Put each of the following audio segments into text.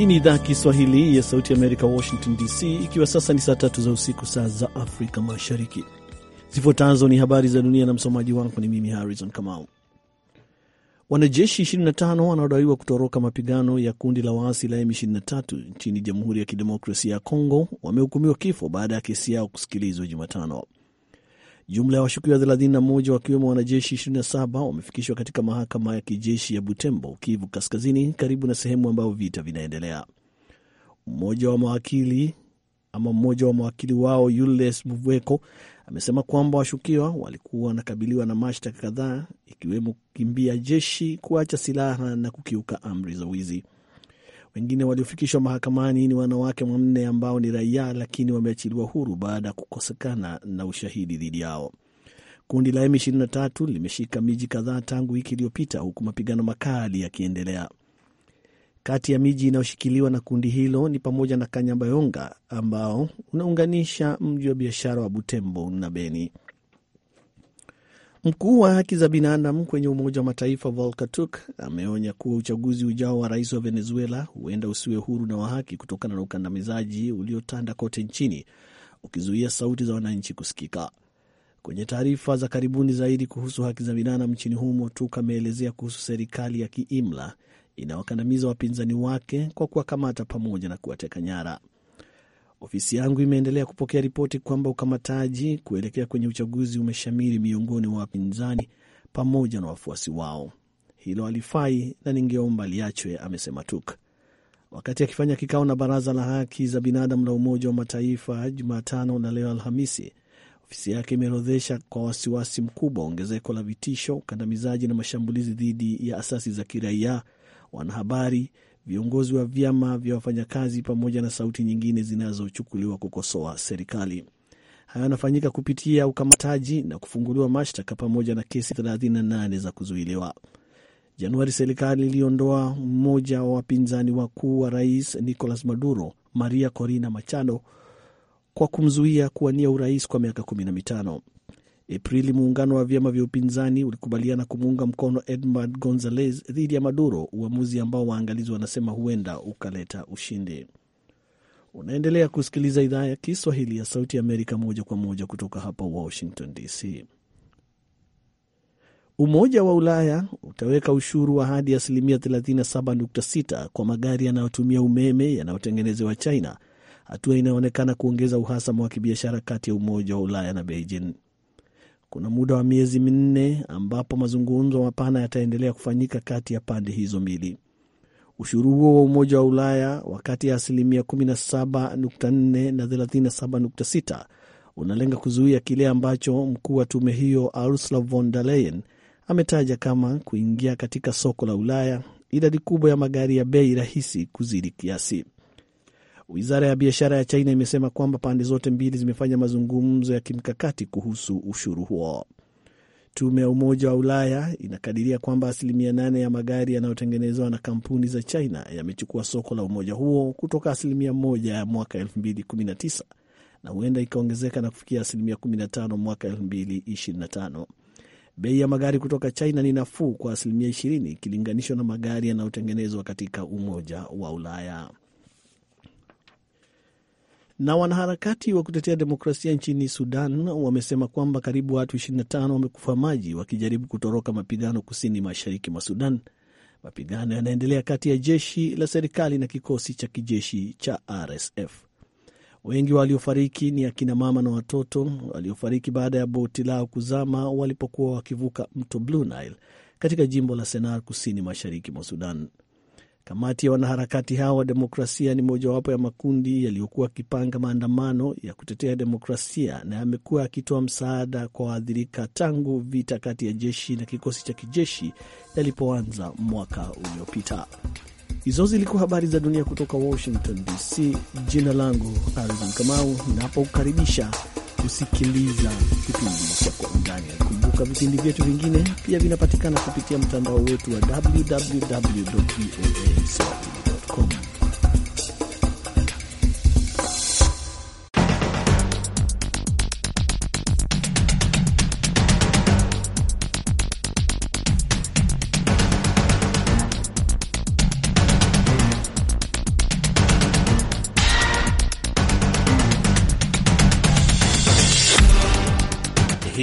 Hii ni idhaa Kiswahili ya Sauti Amerika, Washington DC, ikiwa sasa ni saa tatu za usiku, saa za Afrika Mashariki. Zifuatazo ni habari za dunia na msomaji wangu ni mimi Harrison Kamau. Wanajeshi 25 wanaodaiwa kutoroka mapigano ya kundi la waasi la M23 nchini Jamhuri ya Kidemokrasia ya Kongo wamehukumiwa kifo baada ya kesi yao kusikilizwa Jumatano. Jumla ya washukiwa 31 wakiwemo wanajeshi 27 wamefikishwa katika mahakama ya kijeshi ya Butembo, Kivu Kaskazini, karibu na sehemu ambayo vita vinaendelea. Mmoja wa mawakili ama mmoja wa mawakili wao ules Muvweko amesema kwamba washukiwa walikuwa wanakabiliwa na mashtaka kadhaa ikiwemo kukimbia jeshi, kuacha silaha na kukiuka amri za wizi. Wengine waliofikishwa mahakamani ni wanawake wanne ambao ni raia, lakini wameachiliwa huru baada ya kukosekana na ushahidi dhidi yao. Kundi la M23 limeshika miji kadhaa tangu wiki iliyopita, huku mapigano makali yakiendelea. Kati ya miji inayoshikiliwa na kundi hilo ni pamoja na Kanyabayonga ambao unaunganisha mji wa biashara wa Butembo na Beni. Mkuu wa haki za binadamu kwenye Umoja wa Mataifa Volker Turk ameonya kuwa uchaguzi ujao wa rais wa Venezuela huenda usiwe huru na wa haki kutokana na ukandamizaji uliotanda kote nchini, ukizuia sauti za wananchi kusikika. Kwenye taarifa za karibuni zaidi kuhusu haki za binadamu nchini humo, Turk ameelezea kuhusu serikali ya kiimla inawakandamiza wapinzani wake kwa kuwakamata pamoja na kuwateka nyara. Ofisi yangu imeendelea kupokea ripoti kwamba ukamataji kuelekea kwenye uchaguzi umeshamiri miongoni mwa wapinzani pamoja na wafuasi wao. Hilo halifai na ningeomba liachwe, amesema Tuk wakati akifanya kikao na Baraza la Haki za Binadamu la Umoja wa Mataifa Jumatano na leo Alhamisi. Ofisi yake imeorodhesha kwa wasiwasi mkubwa ongezeko la vitisho, ukandamizaji na mashambulizi dhidi ya asasi za kiraia, wanahabari viongozi wa vyama vya wafanyakazi pamoja na sauti nyingine zinazochukuliwa kukosoa serikali. Hayo yanafanyika kupitia ukamataji na kufunguliwa mashtaka pamoja na kesi 38 za kuzuiliwa. Januari serikali iliondoa mmoja wa wapinzani wakuu wa rais Nicolas Maduro, Maria Corina Machado, kwa kumzuia kuwania urais kwa miaka kumi na mitano. Aprili muungano wa vyama vya upinzani ulikubaliana kumuunga mkono Edmard Gonzalez dhidi ya Maduro, uamuzi ambao waangalizi wanasema huenda ukaleta ushindi. Unaendelea kusikiliza idhaa ya Kiswahili ya Sauti ya Amerika moja kwa moja kutoka hapa Washington DC. Umoja wa Ulaya utaweka ushuru wa hadi asilimia 37.6 kwa magari yanayotumia umeme yanayotengenezewa China, hatua inayoonekana kuongeza uhasama wa kibiashara kati ya Umoja wa Ulaya na Beijing kuna muda wa miezi minne ambapo mazungumzo mapana yataendelea kufanyika kati ya pande hizo mbili. Ushuru huo wa Umoja wa Ulaya wa kati ya asilimia 17.4 na 37.6 unalenga kuzuia kile ambacho mkuu wa tume hiyo Ursula von der Leyen ametaja kama kuingia katika soko la Ulaya idadi kubwa ya magari ya bei rahisi kuzidi kiasi. Wizara ya biashara ya China imesema kwamba pande zote mbili zimefanya mazungumzo ya kimkakati kuhusu ushuru huo. Tume ya Umoja wa Ulaya inakadiria kwamba asilimia nane ya magari yanayotengenezwa na kampuni za China yamechukua soko la umoja huo kutoka asilimia moja ya mwaka 2019 na huenda ikaongezeka na kufikia asilimia 15 mwaka 2025. Bei ya magari kutoka China ni nafuu kwa asilimia 20 ikilinganishwa na magari yanayotengenezwa katika Umoja wa Ulaya. Na wanaharakati wa kutetea demokrasia nchini Sudan wamesema kwamba karibu watu 25 wamekufa maji wakijaribu kutoroka mapigano kusini mashariki mwa Sudan. Mapigano yanaendelea kati ya jeshi la serikali na kikosi cha kijeshi cha RSF. Wengi waliofariki ni akina mama na watoto waliofariki baada ya boti lao kuzama walipokuwa wakivuka mto Blue Nile katika jimbo la Sennar kusini mashariki mwa Sudan. Kamati ya wanaharakati hao wa demokrasia ni mojawapo ya makundi yaliyokuwa akipanga maandamano ya kutetea demokrasia na yamekuwa yakitoa msaada kwa waathirika tangu vita kati ya jeshi na kikosi cha kijeshi yalipoanza mwaka uliopita. Hizo zilikuwa habari za dunia kutoka Washington DC. Jina langu arizan Kamau, napokukaribisha kusikiliza kipindi cha Kwa Undani kumbuka vipindi vyetu vingine pia vinapatikana kupitia mtandao wetu wa www.voaswahili.com.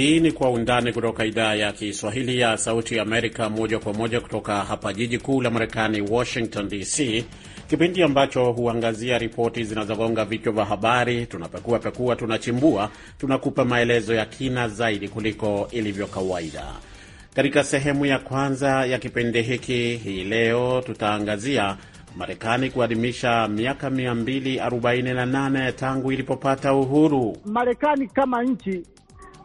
Hii ni Kwa Undani kutoka idhaa ya Kiswahili ya Sauti ya Amerika, moja kwa moja kutoka hapa jiji kuu la Marekani, Washington DC, kipindi ambacho huangazia ripoti zinazogonga vichwa vya habari. Tunapekua pekua, tunachimbua, tunakupa maelezo ya kina zaidi kuliko ilivyo kawaida. Katika sehemu ya kwanza ya kipindi hiki hii leo tutaangazia Marekani kuadhimisha miaka 248 tangu ilipopata uhuru. Marekani kama nchi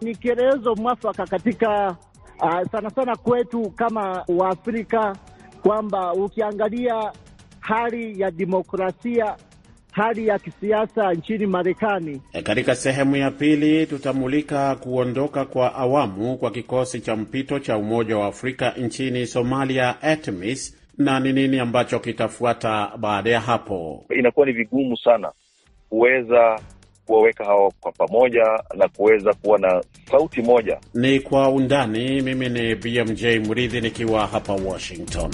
ni kielelezo mwafaka katika uh, sana sana kwetu kama Waafrika kwamba ukiangalia hali ya demokrasia hali ya kisiasa nchini Marekani. E, katika sehemu ya pili tutamulika kuondoka kwa awamu kwa kikosi cha mpito cha Umoja wa Afrika nchini Somalia, ATMIS, na ni nini ambacho kitafuata baada ya hapo. Inakuwa ni vigumu sana kuweza kuwaweka hawa kwa pamoja na kuweza kuwa na sauti moja. Ni kwa undani. Mimi ni BMJ Mridhi nikiwa hapa Washington.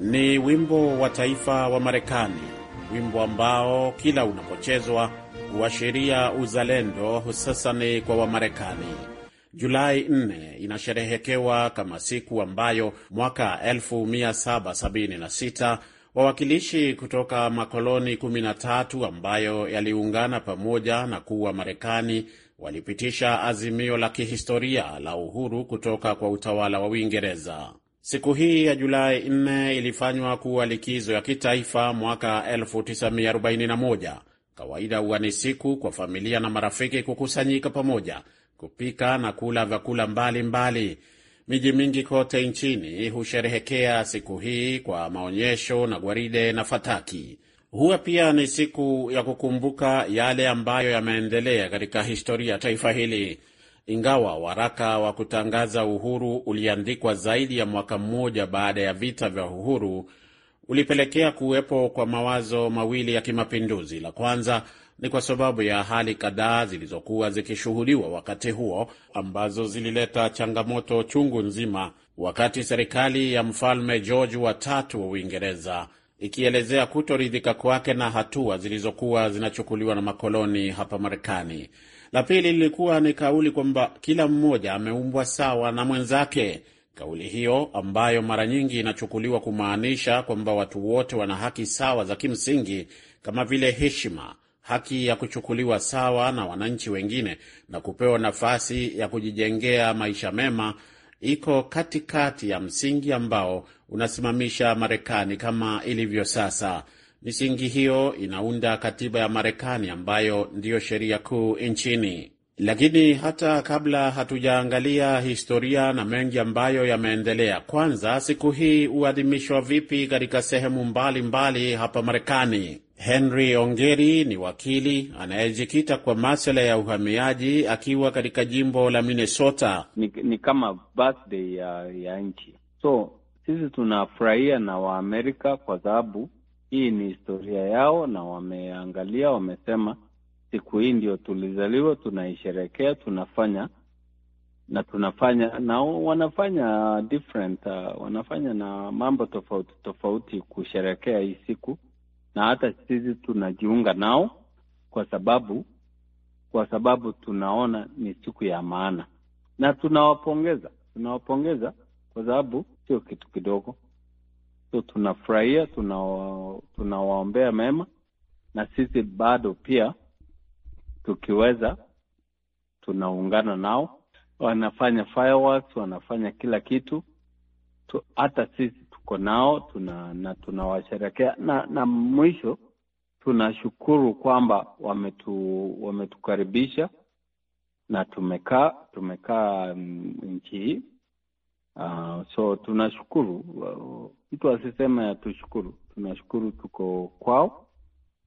Ni wimbo wa taifa wa Marekani wimbo ambao kila unapochezwa huashiria uzalendo, hususani kwa Wamarekani. Julai 4 inasherehekewa kama siku ambayo mwaka 1776 wawakilishi kutoka makoloni 13 ambayo yaliungana pamoja na kuwa Marekani walipitisha azimio la kihistoria la uhuru kutoka kwa utawala wa Uingereza. Siku hii ya Julai 4 ilifanywa kuwa likizo ya kitaifa mwaka 1941. Kawaida huwa ni siku kwa familia na marafiki kukusanyika pamoja, kupika na kula vyakula mbalimbali. Miji mingi kote nchini husherehekea siku hii kwa maonyesho na gwaride na fataki. Huwa pia ni siku ya kukumbuka yale ambayo yameendelea katika historia ya taifa hili ingawa waraka wa kutangaza uhuru uliandikwa zaidi ya mwaka mmoja baada ya vita vya uhuru ulipelekea kuwepo kwa mawazo mawili ya kimapinduzi. La kwanza ni kwa sababu ya hali kadhaa zilizokuwa zikishuhudiwa wakati huo ambazo zilileta changamoto chungu nzima, wakati serikali ya mfalme George watatu wa Uingereza ikielezea kutoridhika kwake na hatua zilizokuwa zinachukuliwa na makoloni hapa Marekani. La pili lilikuwa ni kauli kwamba kila mmoja ameumbwa sawa na mwenzake. Kauli hiyo ambayo mara nyingi inachukuliwa kumaanisha kwamba watu wote wana haki sawa za kimsingi kama vile heshima, haki ya kuchukuliwa sawa na wananchi wengine na kupewa nafasi ya kujijengea maisha mema, iko katikati ya msingi ambao unasimamisha Marekani kama ilivyo sasa. Misingi hiyo inaunda katiba ya Marekani ambayo ndiyo sheria kuu nchini. Lakini hata kabla hatujaangalia historia na mengi ambayo yameendelea, kwanza siku hii huadhimishwa vipi katika sehemu mbalimbali mbali hapa Marekani? Henry Ongeri ni wakili anayejikita kwa masala ya uhamiaji akiwa katika jimbo la Minnesota. Ni, ni kama birthday ya, ya nchi, so sisi tunafurahia na Waamerika kwa sababu hii ni historia yao na wameangalia, wamesema siku hii ndio tulizaliwa, tunaisherekea, tunafanya na tunafanya na wanafanya different, uh, wanafanya na mambo tofauti tofauti kusherekea hii siku, na hata sisi tunajiunga nao kwa sababu kwa sababu tunaona ni siku ya maana, na tunawapongeza tunawapongeza kwa sababu sio kitu kidogo. So tunafurahia, tunawaombea tuna mema, na sisi bado pia tukiweza tunaungana nao. Wanafanya fireworks, wanafanya kila kitu tu, hata sisi tuko nao tuna, na tunawasherekea na, na mwisho tunashukuru kwamba wametu, wametukaribisha na tumekaa tumekaa mm, nchi hii uh, so tunashukuru uh, mtu asiseme tushukuru. Tunashukuru tuko kwao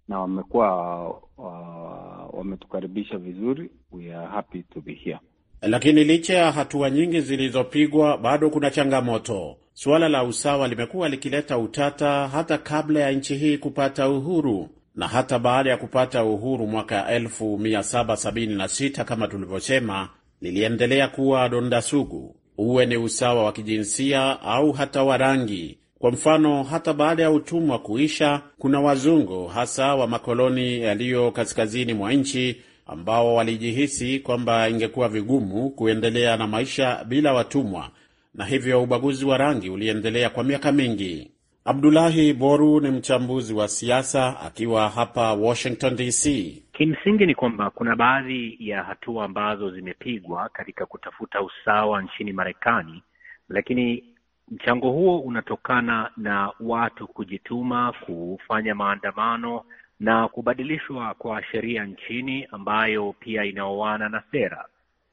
na wamekuwa uh, wametukaribisha vizuri. We are happy to be here. Lakini licha ya hatua nyingi zilizopigwa, bado kuna changamoto. Suala la usawa limekuwa likileta utata hata kabla ya nchi hii kupata uhuru na hata baada ya kupata uhuru mwaka 1776 kama tulivyosema, liliendelea kuwa donda sugu, uwe ni usawa wa kijinsia au hata wa rangi. Kwa mfano, hata baada ya utumwa kuisha, kuna wazungu hasa wa makoloni yaliyo kaskazini mwa nchi ambao walijihisi kwamba ingekuwa vigumu kuendelea na maisha bila watumwa, na hivyo ubaguzi wa rangi uliendelea kwa miaka mingi. Abdulahi Boru ni mchambuzi wa siasa akiwa hapa Washington DC. Kimsingi ni kwamba kuna baadhi ya hatua ambazo zimepigwa katika kutafuta usawa nchini Marekani, lakini Mchango huo unatokana na watu kujituma kufanya maandamano na kubadilishwa kwa sheria nchini ambayo pia inaoana na sera,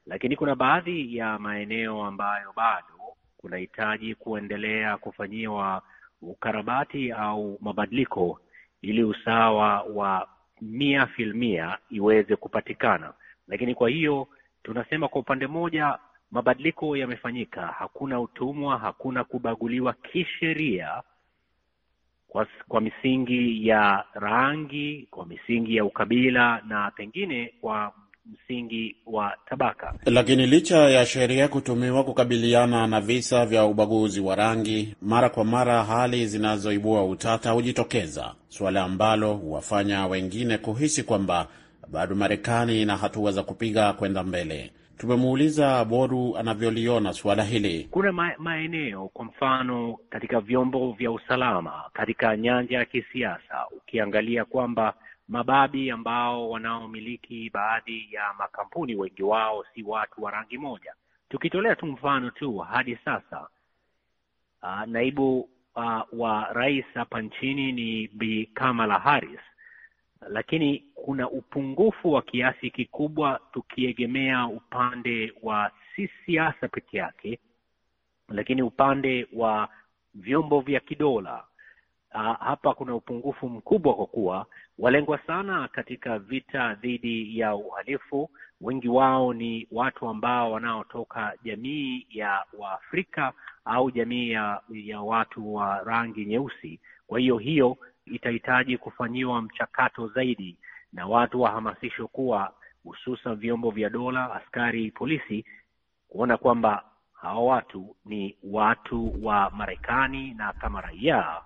lakini kuna baadhi ya maeneo ambayo bado kunahitaji kuendelea kufanyiwa ukarabati au mabadiliko ili usawa wa mia filmia iweze kupatikana. Lakini kwa hiyo tunasema, kwa upande mmoja mabadiliko yamefanyika, hakuna utumwa, hakuna kubaguliwa kisheria kwa, kwa misingi ya rangi, kwa misingi ya ukabila na pengine kwa msingi wa tabaka. Lakini licha ya sheria kutumiwa kukabiliana na visa vya ubaguzi wa rangi, mara kwa mara hali zinazoibua utata hujitokeza, suala ambalo huwafanya wengine kuhisi kwamba bado Marekani ina hatua za kupiga kwenda mbele. Tumemuuliza Boru anavyoliona suala hili. Kuna ma maeneo kwa mfano katika vyombo vya usalama, katika nyanja ya kisiasa, ukiangalia kwamba mababi ambao wanaomiliki baadhi ya makampuni, wengi wao si watu wa rangi moja. Tukitolea tu mfano tu, hadi sasa naibu wa rais hapa nchini ni Bi Kamala Harris lakini kuna upungufu wa kiasi kikubwa tukiegemea upande wa si siasa peke yake, lakini upande wa vyombo vya kidola ah, hapa kuna upungufu mkubwa kwa kuwa walengwa sana katika vita dhidi ya uhalifu, wengi wao ni watu ambao wanaotoka jamii ya Waafrika au jamii ya, ya watu wa rangi nyeusi. Kwa hiyo hiyo itahitaji kufanyiwa mchakato zaidi na watu wahamasishwe kuwa hususan vyombo vya dola, askari polisi, kuona kwamba hawa watu ni watu wa Marekani na kama raia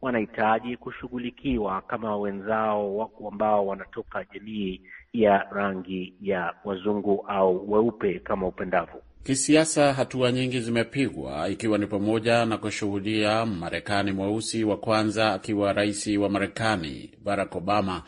wanahitaji kushughulikiwa kama wenzao ambao wanatoka jamii ya rangi ya wazungu au weupe kama upendavyo. Kisiasa, hatua nyingi zimepigwa ikiwa ni pamoja na kushuhudia Marekani mweusi wa kwanza akiwa rais wa Marekani. Barack Obama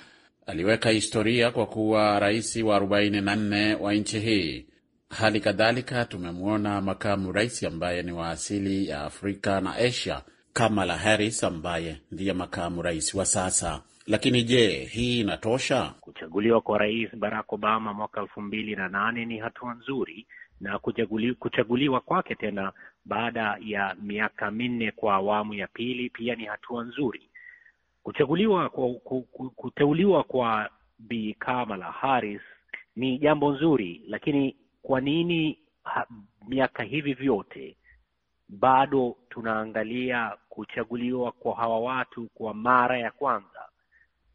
aliweka historia kwa kuwa rais wa 44 wa nchi hii. Hali kadhalika tumemwona makamu rais ambaye ni wa asili ya Afrika na Asia, Kamala Harris ambaye ndiye makamu rais wa sasa. Lakini je, hii inatosha? Kuchaguliwa kwa rais Barack Obama mwaka elfu mbili na nane ni hatua nzuri na kuchaguli, kuchaguliwa kwake tena baada ya miaka minne kwa awamu ya pili pia ni hatua nzuri. Kuchaguliwa kwa, kuteuliwa kwa Bi Kamala Harris ni jambo nzuri, lakini kwa nini ha, miaka hivi vyote bado tunaangalia kuchaguliwa kwa hawa watu kwa mara ya kwanza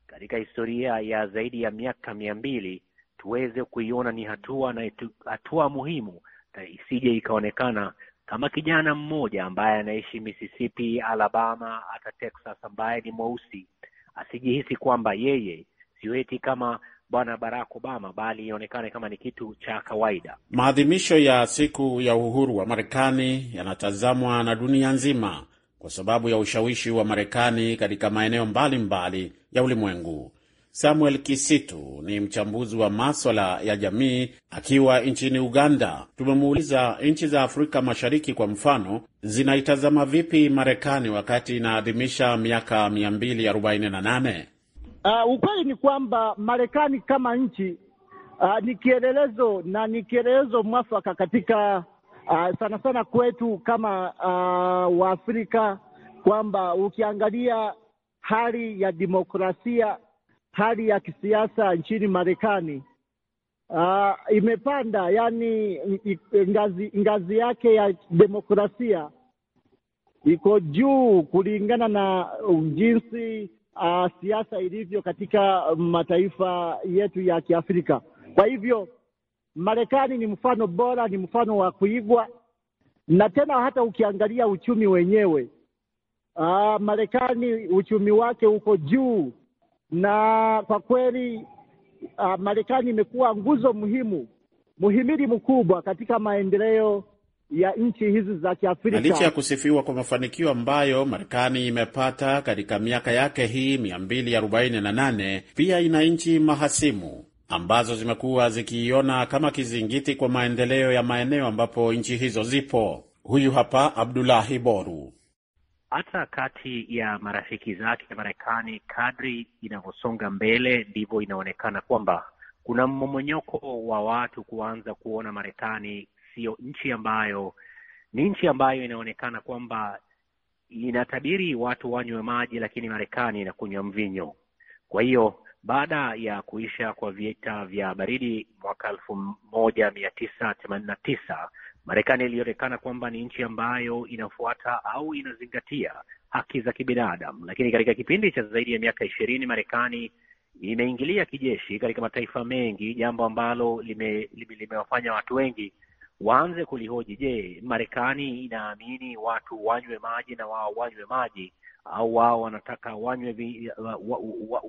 katika historia ya zaidi ya miaka mia mbili tuweze kuiona ni hatua na itu, hatua muhimu na isije ikaonekana kama kijana mmoja ambaye anaishi Mississippi, Alabama, hata Texas ambaye ni mweusi asijihisi kwamba yeye siweti kama Bwana Barack Obama, bali ionekane kama ni kitu cha kawaida. Maadhimisho ya siku ya uhuru wa Marekani yanatazamwa na dunia nzima kwa sababu ya ushawishi wa Marekani katika maeneo mbalimbali mbali ya ulimwengu. Samuel Kisitu ni mchambuzi wa maswala ya jamii akiwa nchini Uganda. Tumemuuliza nchi za Afrika Mashariki kwa mfano zinaitazama vipi Marekani wakati inaadhimisha miaka 248? Uh, ah, ukweli ni kwamba Marekani kama nchi uh, ni kielelezo na ni kielelezo mwafaka katika uh, sana sana kwetu kama uh, Waafrika kwamba ukiangalia hali ya demokrasia hali ya kisiasa nchini Marekani uh, imepanda yani ngazi, ngazi yake ya demokrasia iko juu kulingana na jinsi uh, siasa ilivyo katika mataifa yetu ya Kiafrika. Kwa hivyo Marekani ni mfano bora, ni mfano wa kuigwa. Na tena hata ukiangalia uchumi wenyewe, uh, Marekani uchumi wake uko juu na kwa kweli uh, Marekani imekuwa nguzo muhimu, muhimili mkubwa katika maendeleo ya nchi hizi za Kiafrika. Licha ya kusifiwa kwa mafanikio ambayo Marekani imepata katika miaka yake hii 248, pia ina nchi mahasimu ambazo zimekuwa zikiiona kama kizingiti kwa maendeleo ya maeneo ambapo nchi hizo zipo. Huyu hapa Abdulahi Boru hata kati ya marafiki zake Marekani, kadri inavyosonga mbele ndivyo inaonekana kwamba kuna mmomonyoko wa watu kuanza kuona Marekani siyo nchi ambayo ni nchi ambayo inaonekana kwamba inatabiri watu wanywe maji, lakini Marekani inakunywa mvinyo. Kwa hiyo baada ya kuisha kwa vita vya baridi mwaka elfu moja mia tisa themanini na tisa Marekani ilionekana kwamba ni nchi ambayo inafuata au inazingatia haki za kibinadamu, lakini katika kipindi cha zaidi ya miaka ishirini Marekani imeingilia kijeshi katika mataifa mengi, jambo ambalo limewafanya lime, lime watu wengi waanze kulihoji. Je, Marekani inaamini watu wanywe maji na wao wanywe maji au wao wanataka wanywe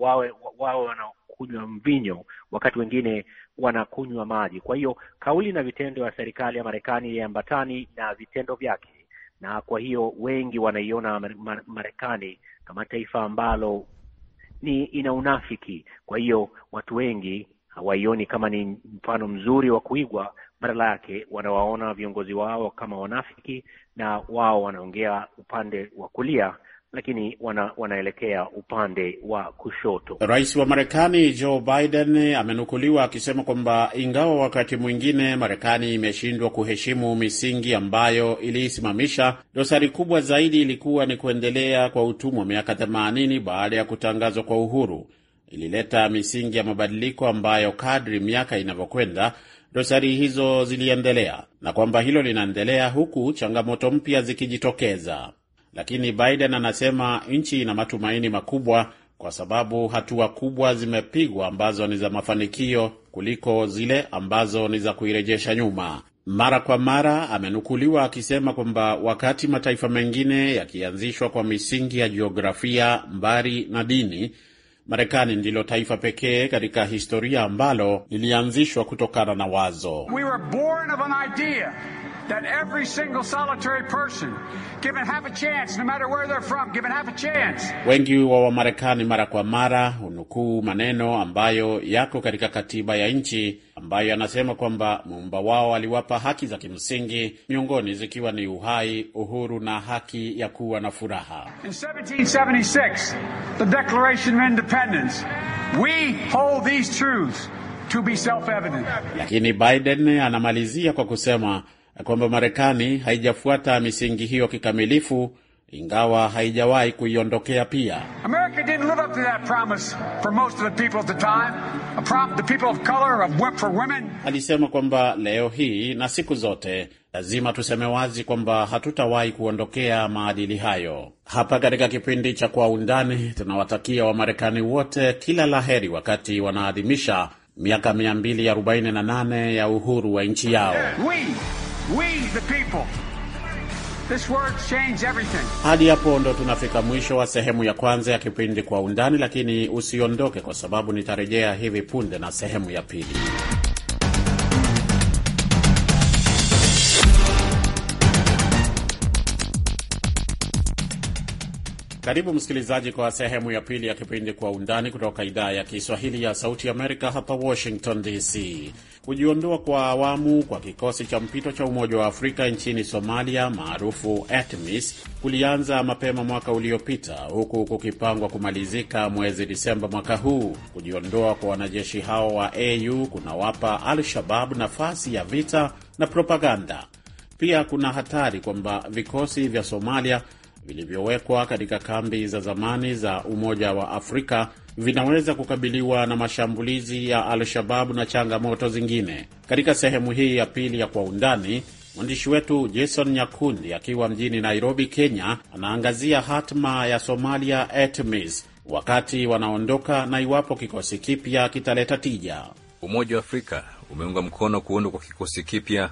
wawe wawe wanakunywa mvinyo, wakati wengine wanakunywa maji. Kwa hiyo kauli na vitendo ya serikali ya Marekani yaambatani na vitendo vyake, na kwa hiyo wengi wanaiona Marekani kama taifa ambalo ni ina unafiki. Kwa hiyo watu wengi hawaioni kama ni mfano mzuri wa kuigwa, badala yake wanawaona viongozi wao kama wanafiki, na wao wanaongea upande wa kulia lakini wana, wanaelekea upande wa kushoto. Rais wa Marekani Joe Biden amenukuliwa akisema kwamba ingawa wakati mwingine Marekani imeshindwa kuheshimu misingi ambayo iliisimamisha, dosari kubwa zaidi ilikuwa ni kuendelea kwa utumwa miaka 80 baada ya kutangazwa kwa uhuru. Ilileta misingi ya mabadiliko ambayo kadri miaka inavyokwenda dosari hizo ziliendelea, na kwamba hilo linaendelea huku changamoto mpya zikijitokeza lakini Biden anasema nchi ina matumaini makubwa kwa sababu hatua kubwa zimepigwa ambazo ni za mafanikio kuliko zile ambazo ni za kuirejesha nyuma. Mara kwa mara amenukuliwa akisema kwamba wakati mataifa mengine yakianzishwa kwa misingi ya jiografia, mbari na dini, Marekani ndilo taifa pekee katika historia ambalo lilianzishwa kutokana na wazo We that every single solitary person given half a chance no matter where they're from given half a chance. Wengi wa Wamarekani mara kwa mara hunukuu maneno ambayo yako katika katiba ya nchi ambayo yanasema kwamba muumba wao aliwapa haki za kimsingi, miongoni zikiwa ni uhai, uhuru na haki ya kuwa na furaha. In 1776, the Declaration of Independence, we hold these truths to be self-evident. Lakini Biden anamalizia kwa kusema kwamba Marekani haijafuata misingi hiyo kikamilifu ingawa haijawahi kuiondokea pia. Alisema kwamba leo hii na siku zote lazima tuseme wazi kwamba hatutawahi kuondokea maadili hayo. Hapa katika kipindi cha Kwa Undani tunawatakia Wamarekani wote kila la heri wakati wanaadhimisha miaka 248 ya uhuru wa nchi yao. We hadi hapo ndo tunafika mwisho wa sehemu ya kwanza ya kipindi Kwa Undani, lakini usiondoke, kwa sababu nitarejea hivi punde na sehemu ya pili. Karibu msikilizaji, kwa sehemu ya pili ya kipindi Kwa Undani kutoka idhaa ya Kiswahili ya Sauti Amerika, hapa Washington DC. Kujiondoa kwa awamu kwa kikosi cha mpito cha Umoja wa Afrika nchini Somalia maarufu ATMIS e kulianza mapema mwaka uliopita, huku kukipangwa kumalizika mwezi Disemba mwaka huu. Kujiondoa kwa wanajeshi hao wa AU kunawapa Al-Shabab nafasi ya vita na propaganda. Pia kuna hatari kwamba vikosi vya Somalia vilivyowekwa katika kambi za zamani za Umoja wa Afrika vinaweza kukabiliwa na mashambulizi ya Al-Shababu na changamoto zingine. Katika sehemu hii ya pili ya Kwa Undani, mwandishi wetu Jason Nyakundi akiwa mjini Nairobi, Kenya, anaangazia hatma ya Somalia ATMIS wakati wanaondoka na iwapo kikosi kipya kitaleta tija. Umoja wa Afrika umeunga mkono kuundwa kwa kikosi kipya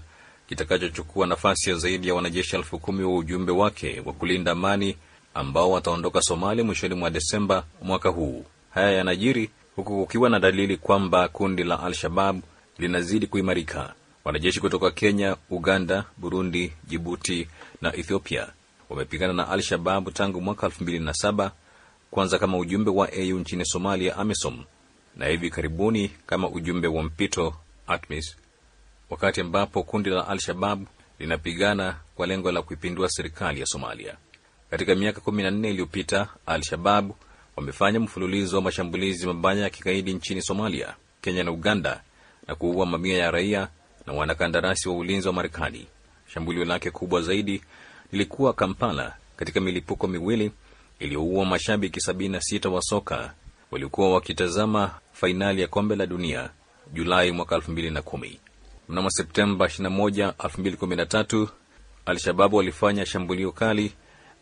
kitakachochukua nafasi ya zaidi ya wanajeshi elfu kumi wa ujumbe wake wa kulinda amani ambao wataondoka Somalia mwishoni mwa Desemba mwaka huu. Haya yanajiri huku kukiwa na dalili kwamba kundi la Al-Shabab linazidi kuimarika. Wanajeshi kutoka Kenya, Uganda, Burundi, Jibuti na Ethiopia wamepigana na Al-Shabab tangu mwaka 2007 kwanza kama ujumbe wa AU nchini Somalia, AMISOM, e na hivi karibuni kama ujumbe wa mpito ATMIS e wakati ambapo kundi la Al-Shabab linapigana kwa lengo la kuipindua serikali ya Somalia. Katika miaka 14 iliyopita, Al-Shabab wamefanya mfululizo wa mashambulizi mabaya ya kigaidi nchini Somalia, Kenya na Uganda na kuua mamia ya raia na wanakandarasi wa ulinzi wa Marekani. Shambulio lake kubwa zaidi lilikuwa Kampala, katika milipuko miwili iliyoua mashabiki 76 wa soka waliokuwa wakitazama fainali ya kombe la dunia Julai mwaka 2010. Mnamo Septemba 21, alshababu walifanya shambulio kali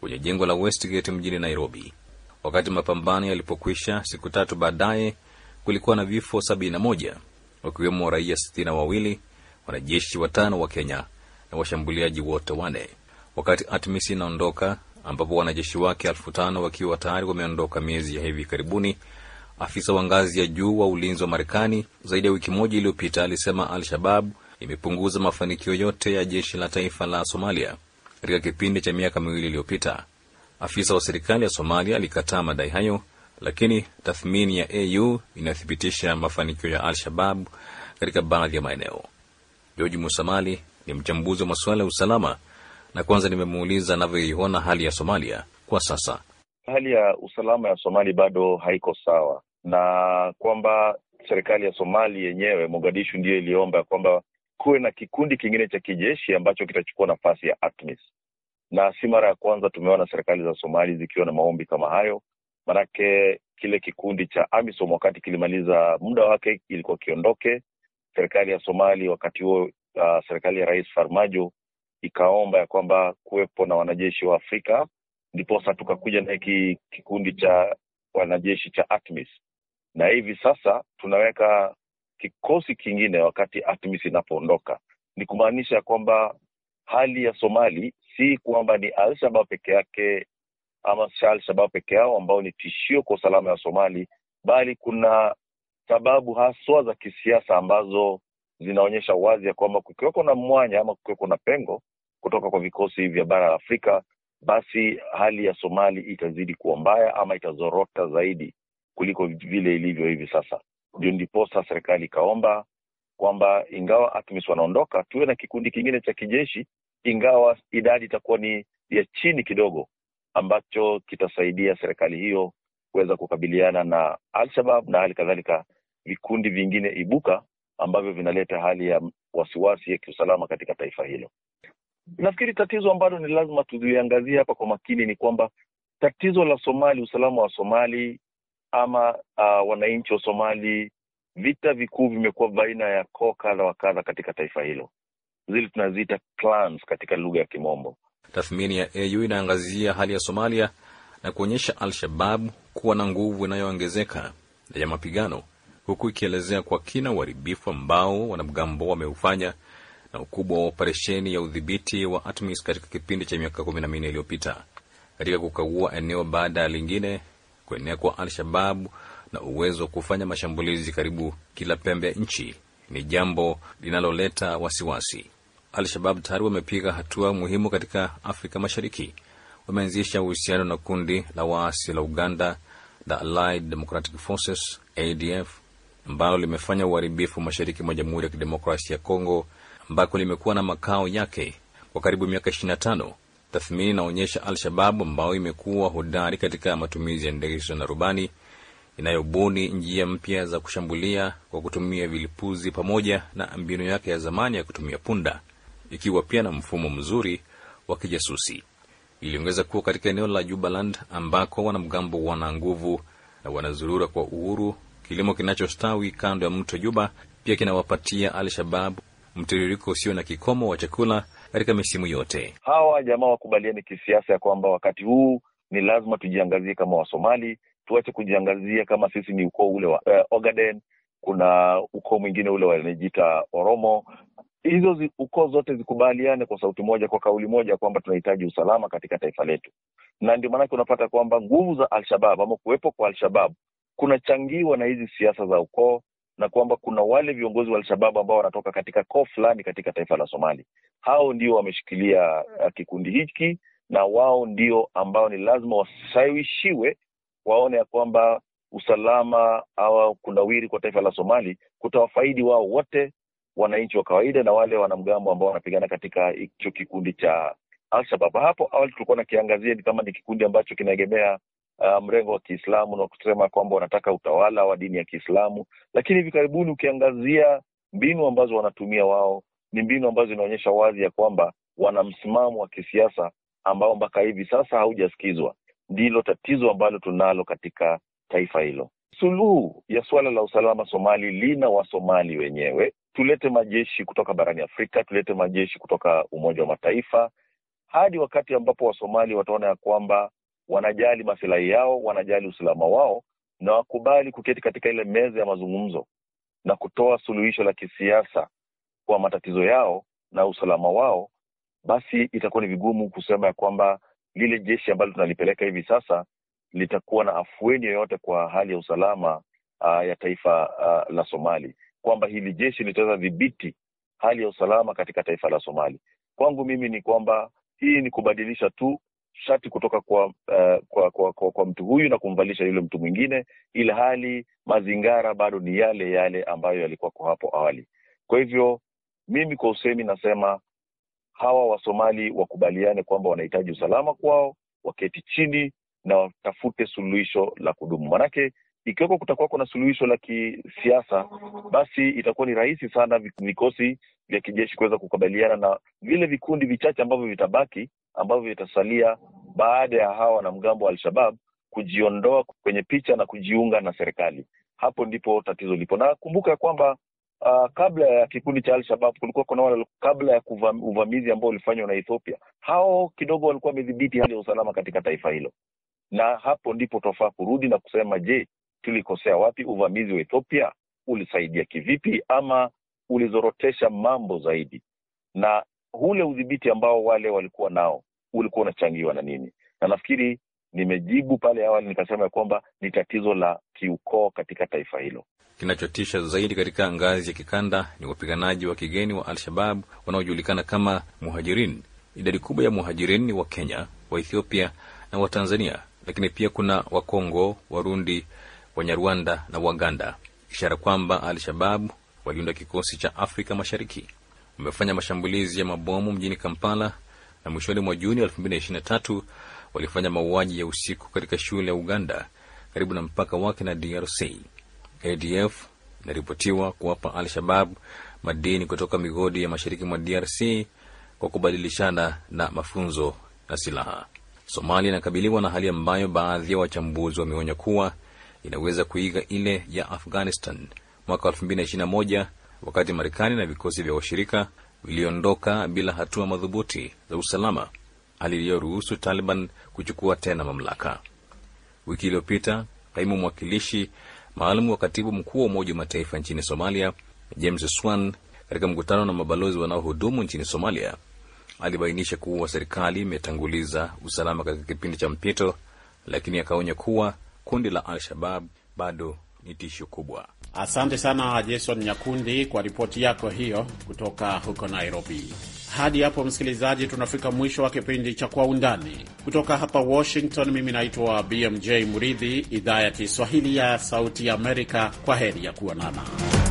kwenye jengo la Westgate mjini Nairobi. Wakati mapambano yalipokwisha, siku tatu baadaye, kulikuwa na vifo 71 wakiwemo raia 6 wawili, wanajeshi watano wa Kenya na washambuliaji wote wane. Wakati ATMIS inaondoka ambapo wanajeshi wake 5 wakiwa tayari wameondoka miezi ya hivi karibuni Afisa wa ngazi ya juu wa ulinzi wa Marekani zaidi ya wiki moja iliyopita alisema Al-Shabab imepunguza mafanikio yote ya jeshi la taifa la Somalia katika kipindi cha miaka miwili iliyopita. Afisa wa serikali ya Somalia alikataa madai hayo, lakini tathmini ya AU inathibitisha mafanikio ya Al-Shabab katika baadhi ya maeneo. George Musamali ni mchambuzi wa masuala ya usalama, na kwanza nimemuuliza anavyoiona hali ya Somalia kwa sasa. Hali ya usalama ya Somali bado haiko sawa, na kwamba serikali ya Somali yenyewe Mogadishu ndiyo iliomba kwamba kuwe na kikundi kingine cha kijeshi ambacho kitachukua nafasi ya ATMIS, na si mara ya kwanza tumeona serikali za Somali zikiwa na maombi kama hayo. Manake kile kikundi cha AMISOM wakati kilimaliza muda wake ilikuwa kiondoke. Serikali ya Somali wakati huo, uh, serikali ya Rais Farmajo ikaomba ya kwamba kuwepo na wanajeshi wa Afrika, ndiposa tukakuja na hiki kikundi cha wanajeshi cha ATMIS na hivi sasa tunaweka kikosi kingine wakati ATMIS inapoondoka. Ni kumaanisha kwamba hali ya Somali si kwamba ni Alshabab peke yake ama Alshabab peke yao ambao ni tishio kwa usalama ya Somali, bali kuna sababu haswa za kisiasa ambazo zinaonyesha wazi ya kwamba kukiweko na mwanya ama kukiweko na pengo kutoka kwa vikosi vya bara la Afrika, basi hali ya Somali itazidi kuwa mbaya ama itazorota zaidi kuliko vile ilivyo hivi sasa. Ndio ndiposa serikali ikaomba kwamba ingawa ATMIS wanaondoka, tuwe na kikundi kingine cha kijeshi, ingawa idadi itakuwa ni ya chini kidogo, ambacho kitasaidia serikali hiyo kuweza kukabiliana na alshabab na hali kadhalika vikundi vingine ibuka ambavyo vinaleta hali ya wasiwasi ya kiusalama katika taifa hilo. Nafikiri tatizo ambalo ni lazima tuliangazia hapa kwa makini ni kwamba tatizo la Somali, usalama wa Somali ama uh, wananchi wa Somali, vita vikuu vimekuwa baina ya koo kadha wa kadha katika taifa hilo, zile tunaziita clans katika lugha ya Kimombo. Tathmini ya AU inaangazia hali ya Somalia na kuonyesha Al-Shabab kuwa na nguvu inayoongezeka ya mapigano, huku ikielezea kwa kina uharibifu ambao wanamgambo wameufanya na ukubwa wa operesheni ya udhibiti wa ATMIS katika kipindi cha miaka kumi na minne iliyopita. Katika kukagua eneo baada ya lingine kuenea kwa Al-Shababu na uwezo wa kufanya mashambulizi karibu kila pembe ya nchi ni jambo linaloleta wasiwasi. Al-Shabab tayari wamepiga hatua muhimu katika Afrika Mashariki. Wameanzisha uhusiano na kundi la waasi la Uganda la Allied Democratic Forces ADF ambalo limefanya uharibifu mashariki mwa Jamhuri ya Kidemokrasia ya Kongo ambako limekuwa na makao yake kwa karibu miaka Tathmini inaonyesha Al-Shababu ambayo imekuwa hodari katika matumizi ya ndege zisizo na rubani inayobuni njia mpya za kushambulia kwa kutumia vilipuzi pamoja na mbinu yake ya zamani ya kutumia punda, ikiwa pia na mfumo mzuri wa kijasusi. Iliongeza kuwa katika eneo la Jubaland ambako wanamgambo wana nguvu na wanazurura kwa uhuru, kilimo kinachostawi kando ya mto Juba pia kinawapatia Al-Shababu mtiririko usio na kikomo wa chakula katika misimu yote. Hawa jamaa wakubaliani kisiasa ya kwamba wakati huu ni lazima tujiangazie kama Wasomali, tuache kujiangazia kama sisi ni ukoo ule wa eh, Ogaden. Kuna ukoo mwingine ule wanajiita Oromo. Hizo ukoo zote zikubaliane kwa sauti moja, kwa kauli moja, kwamba tunahitaji usalama katika taifa letu, na ndio maanake unapata kwamba nguvu za Alshabab ama kuwepo kwa Alshabab kunachangiwa na hizi siasa za ukoo na kwamba kuna wale viongozi wa alshabab ambao wanatoka katika koo fulani katika taifa la Somali hao ndio wameshikilia uh, kikundi hiki na wao ndio ambao ni lazima washawishiwe waone ya kwamba usalama au kunawiri kwa taifa la Somali kutawafaidi wao wote, wananchi wa kawaida na wale wanamgambo ambao wanapigana katika hicho kikundi cha Alshabab. Hapo awali tulikuwa nakiangazia kama ni kikundi ambacho kinaegemea uh, mrengo wa Kiislamu na kusema kwamba wanataka utawala wa dini ya Kiislamu, lakini hivi karibuni ukiangazia mbinu ambazo wanatumia wao ni mbinu ambazo zinaonyesha wazi ya kwamba wana msimamo wa kisiasa ambao mpaka hivi sasa haujasikizwa. Ndilo tatizo ambalo tunalo katika taifa hilo. Suluhu ya suala la usalama Somali lina Wasomali wenyewe. Tulete majeshi kutoka barani Afrika, tulete majeshi kutoka Umoja wa Mataifa, hadi wakati ambapo Wasomali wataona ya kwamba wanajali masilahi yao, wanajali usalama wao, na wakubali kuketi katika ile meza ya mazungumzo na kutoa suluhisho la kisiasa kwa matatizo yao na usalama wao, basi itakuwa ni vigumu kusema ya kwamba lile jeshi ambalo tunalipeleka hivi sasa litakuwa na afueni yoyote kwa hali ya usalama uh, ya taifa uh, la Somali, kwamba hili jeshi litaweza dhibiti hali ya usalama katika taifa la Somali. Kwangu mimi ni kwamba hii ni kubadilisha tu shati kutoka kwa, uh, kwa, kwa, kwa, kwa mtu huyu na kumvalisha yule mtu mwingine, ili hali mazingara bado ni yale yale ambayo yalikuwako hapo awali. Kwa hivyo mimi kwa usemi nasema hawa Wasomali wakubaliane kwamba wanahitaji usalama kwao, waketi chini na watafute suluhisho la kudumu, manake ikiweko kutakuwa kuna suluhisho la kisiasa, basi itakuwa ni rahisi sana vikosi vya kijeshi kuweza kukabiliana na vile vikundi vichache ambavyo vitabaki ambavyo vitasalia baada ya hawa wanamgambo wa Al-Shabab kujiondoa kwenye picha na kujiunga na serikali. Hapo ndipo tatizo lipo, na kumbuka ya kwamba uh, kabla ya kikundi cha alshabab kulikuwa kuna wale, kabla ya uvamizi ambao ulifanywa na Ethiopia, hao kidogo walikuwa wamedhibiti hali ya usalama katika taifa hilo, na hapo ndipo tunafaa kurudi na kusema, je, tulikosea wapi? Uvamizi wa Ethiopia ulisaidia kivipi ama ulizorotesha mambo zaidi? Na ule udhibiti ambao wale walikuwa nao ulikuwa unachangiwa na nini? Na nafikiri nimejibu pale awali nikasema ya kwamba ni tatizo la kiukoo katika taifa hilo. Kinachotisha zaidi katika ngazi ya kikanda ni wapiganaji wa kigeni wa Al-Shabab wanaojulikana kama Muhajirin. Idadi kubwa ya Muhajirin ni wa Kenya, wa Ethiopia na wa Tanzania, lakini pia kuna Wakongo, Warundi, Wanyarwanda na Waganda, ishara kwamba Al-Shabab waliunda kikosi cha Afrika Mashariki. Wamefanya mashambulizi ya mabomu mjini Kampala na mwishoni mwa Juni 2023 walifanya mauaji ya usiku katika shule ya Uganda karibu na mpaka wake na DRC. ADF inaripotiwa kuwapa Al-Shabab madini kutoka migodi ya mashariki mwa DRC kwa kubadilishana na mafunzo na silaha. Somalia inakabiliwa na hali ambayo baadhi ya wachambuzi wameonya kuwa inaweza kuiga ile ya Afghanistan mwaka 2021 wakati Marekani na vikosi vya washirika viliondoka bila hatua madhubuti za usalama, hali iliyoruhusu Taliban kuchukua tena mamlaka. Wiki iliyopita kaimu mwakilishi maalum wa katibu mkuu wa Umoja wa Mataifa nchini Somalia James Swan katika mkutano na mabalozi wanaohudumu nchini Somalia alibainisha kuwa serikali imetanguliza usalama katika kipindi cha mpito, lakini akaonya kuwa kundi la Al-Shabab bado ni tisho kubwa. Asante sana Jason Nyakundi kwa ripoti yako hiyo kutoka huko Nairobi. Hadi hapo msikilizaji, tunafika mwisho wa kipindi cha Kwa Undani kutoka hapa Washington. Mimi naitwa BMJ Muridhi, idhaa ya Kiswahili ya Sauti ya Amerika. Kwa heri ya kuonana.